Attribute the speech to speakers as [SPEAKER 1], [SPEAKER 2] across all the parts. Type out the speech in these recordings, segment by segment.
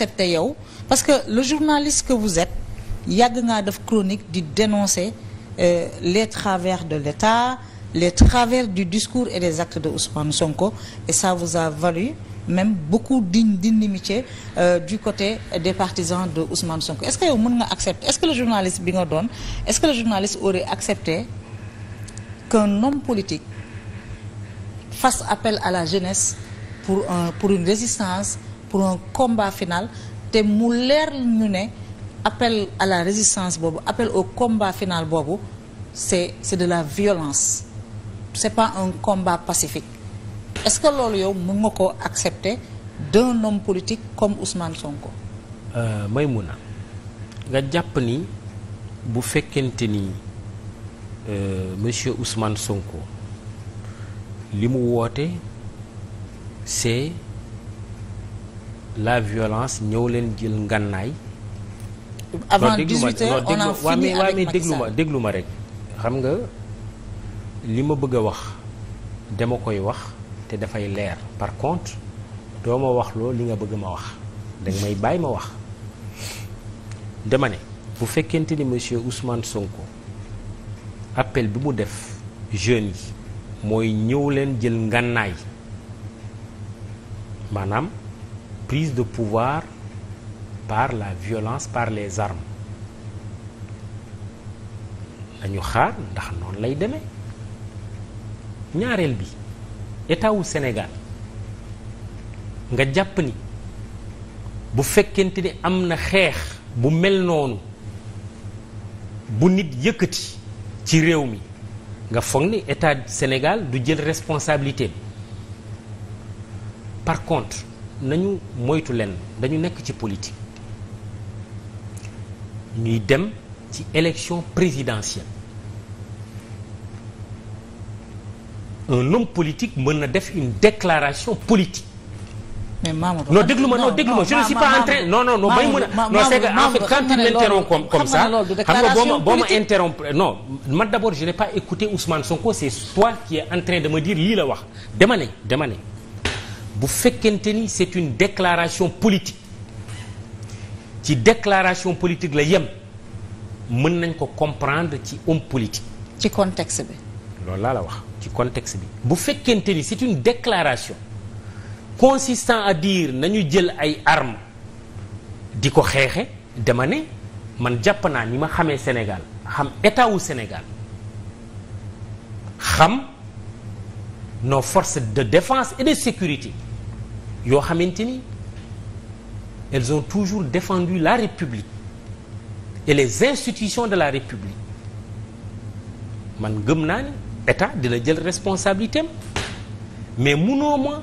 [SPEAKER 1] accepté yow parce que le journaliste que vous êtes yàgg ngaa def chronique di dénoncer euh, les travers de l'État les travers du discours et des actes de Ousmane Sonko et ça vous a valu même beaucoup d'inimitié euh, du côté des partisans de Ousmane Sonko est-ce que mën nga accepter est-ce que le journaliste bi nga doon est-ce que le journaliste aurait accepté qu'un homme politique fasse appel à la jeunesse pour un, pour une résistance pour un combat final te mu leer ñu ne appel à la résistance boobu appel au combat final boobu c'est c'est de la violence c'est pas un combat pacifique est-ce que loolu yow mën nga ko accepter d'un homme politique comme Ousmane Sonko.
[SPEAKER 2] Euh, Maïmouna nga jàpp ni bu fekkente ni euh, monsieur Ousmane Sonko li mu woote c'est la violence ñëw leen jël ngànnaay.
[SPEAKER 1] avant 18 heures on a déglu ma
[SPEAKER 2] déglu ma rek. xam nga li ma bëgg a wax dama koy wax te dafay leer par contre doo ma wax loo li nga bëgg ma wax danga may bàyyi ma wax dama ne. bu fekkente ni monsieur Ousmane Sonko appel bi mu def jeunes yi mooy ñëw leen jël ngànnaay maanaam. prise de pouvoir par la violence par les armes lañu xaar ndax noonu lay deme ñaareel bi état wu Sénégal nga jàpp ni bu fekkent ni am na xeex bu mel noonu bu nit yëkkati ci réew mi nga foog ni état Sénégal du jël responsabilité par contre nañu moytu leen dañu nekk ci politique ñuy dem ci élection présidentielle un homme politique mën na def une déclaration politique.
[SPEAKER 1] mais Mamadou non déglu ma non déglu ma je ne suis pas en train non may mën a non c'est que en fait quand tu m'interromps comme xam nga boo ma boo ma
[SPEAKER 2] interrompre non man d'abord je n'ai pas écouté Ousmane Sonko c'est toi qui est en train de lii la wax dama ne bu fekkente ni c'est une déclaration politique ci déclaration politique la yem mën nañ ko comprendre ci homme politique. ci contexte bi. loolu laa la wax ci contexte bi. bu fekkente ni c'est une déclaration consistant à dire nañu jël ay armes di ko xeexe dama ne man jàpp naa ni ma xamee Sénégal xam état wu Sénégal xam nos forces de défence et de sécurité. yoo xamante ni elles ont toujours défendu la République et les institutions de la République man gëm naa ni état dina jël responsabilité mais munoo ma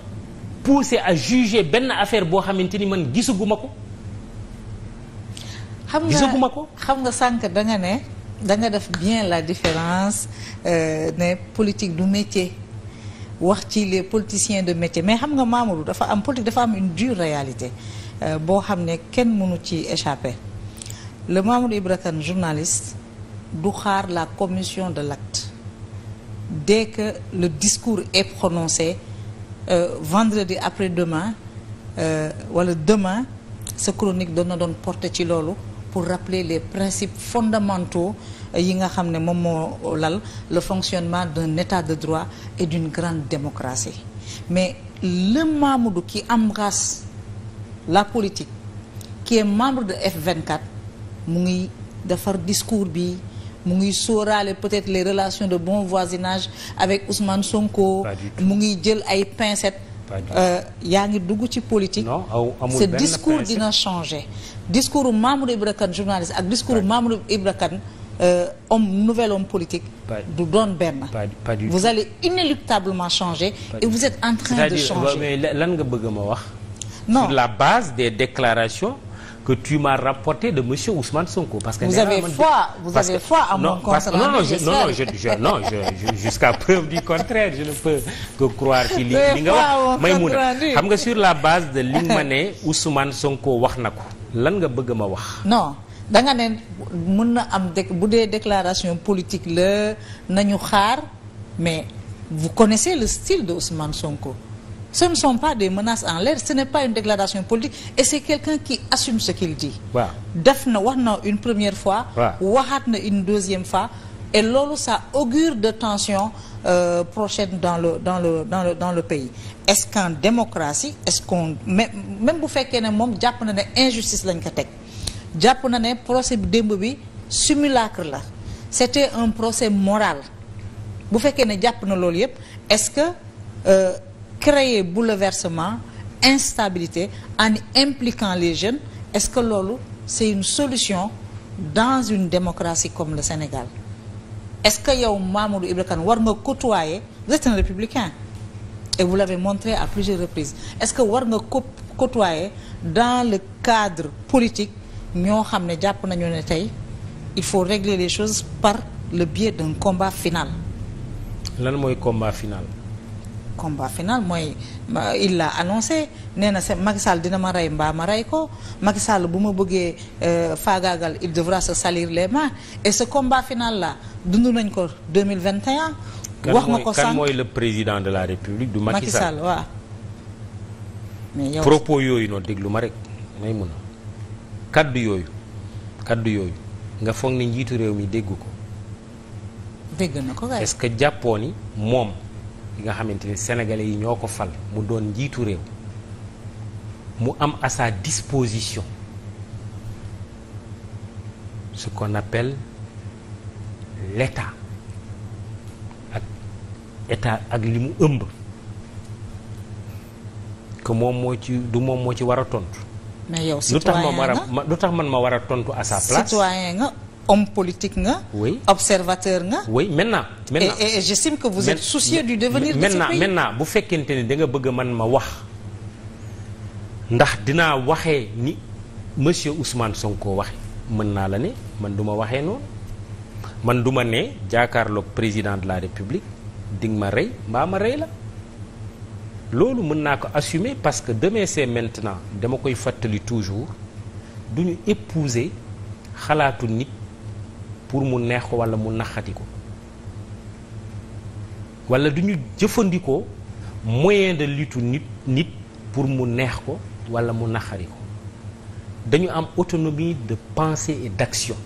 [SPEAKER 2] pousser à juger benn affaire boo xamante ni man gisaguma ko.
[SPEAKER 1] gisaguma ko xam nga sànq da nga ne da nga def bien la différence euh, ne politique du métier. wax ci les politiciens de métier mais xam nga Mamadou dafa am politique dafa am une dure réalité euh, boo xam ne kenn mënu ci échapper le Mamadou Ibra Kane du xaar la commission de l'acte dès que le discours est prononcé euh, vendredi après-demain euh, wala euh, voilà, demain sa chronique doon na doon porter ci loolu pour rappeler les principes fondamentaux yi nga xam ne moom moo lal le fonctionnement d'un état de droit et d'une grande démocratie mais le Mamoudou qui embrasse la politique qui est membre de F24 mu ngi defar discours bi mu ngi sóoraale peut-être les relations de bon voisinage avec Ousmane Sonko mu ngi jël ay pincettes euh, yaa ngi dugg ci politique ce discours dina changer discours Mamoudou Ibra Kane journaliste ak discours Mamoudou Ibra Euh, homme nouvel homme politique du doon benn vous allez inéluctablement changer et vous êtes en train de changer
[SPEAKER 2] lan nga bëgg ma wax non la base des déclarations que tu m'as rapporté de monsieur Ousmane Sonko parce que vous avez foi vous avez foi à mon conseil non non non jusqu'à preuve du contraire je ne peux que croire ci li nga wax Maïmouna xam nga sur la base de li nga ma ne Sonko wax na ko lan nga bëgg ma wax
[SPEAKER 1] non danga ne mën na am dé bu dee déclaration politique la nañu xaar mais vous connaissez le style de Ousmane Sonko ce ne sont pas des menaces en l'air ce n'est pas une déclaration politique et c'est quelqu'un qui assume ce qu'il dit waaw def na wax na une première fois waxaat na une deuxième fois et loolu ça augure de tensions euh, prochaines dans le dans le dans dans le pays est-ce qu'en démocratie est-ce qu'on même bu fekkee ne moom jàpp na ne injustice lañ ko teg jàpp na ne procès démb bi simulacre la c'était un procès moral bu fekkee ne jàpp na loolu yépp est-ce que euh, créer bouleversement instabilité en impliquant les jeunes est-ce que loolu c'est une solution dans une démocratie comme le Sénégal est-ce que yow Mamadou Ibra Kane war nga côtoyer vous êtes un républicain et vous l'avez montré à plusieurs reprises est-ce que war nga côtoyer dans le cadre politique ñoo xam ne jàpp nañu ne tey il faut régler les choses par le biais d'un combat final.
[SPEAKER 2] lan mooy combat final.
[SPEAKER 1] combat final mooy il l'a annoncé nee na Macky Sall dina ma rey mbaa ma rey ko Macky Sall bu ma bëggee euh, faagaagal il devra se salir les ma et ce combat final là dund nañ ko 2021. wax nga ko sànq kan mooy
[SPEAKER 2] le président de la république du Macky Sall
[SPEAKER 1] waaw. mais yow propos
[SPEAKER 2] yooyu noonu déglu ma rek may mun a kàddu yooyu kàddu yooyu nga foog ne njiitu réew mi dégg ko. dégg na ko que jàppoo ni moom yi nga xamante ni sénégalais yi ñoo ko fal mu doon njiitu réew mu am à sa disposition ce qu'on appelle l'état ak état ak li mu ëmb que moom moo ci du moom moo ci war a tontu.
[SPEAKER 1] mais yow citoyen nga
[SPEAKER 2] lu tax man ma war a tontu à sa place.
[SPEAKER 1] citoyen nga homme politique nga.
[SPEAKER 2] oui observateur nga. oui maintenant. maintenant et, et
[SPEAKER 1] j'estime que vous êtes soucieux du devenir de ce pays.
[SPEAKER 2] bu fekkente ni da nga bëgg man ma wax ndax dinaa waxee ni monsieur Ousmane koo waxee mën naa la ne man du ma waxee noonu man du ma ne jàkkaarloog président de la république di ma rey mbaa ma rey la. loolu mën naa ko assumer parce que demain c'est maintenant dama koy fàttali toujours du ñu épouser xalaatu nit pour mu neex ko walla mu naxati ko walla du ñu jëfandikoo moyen de lutte nit nit pour mu neex ko walla mu naxari ko dañu am autonomie de pensée et d'action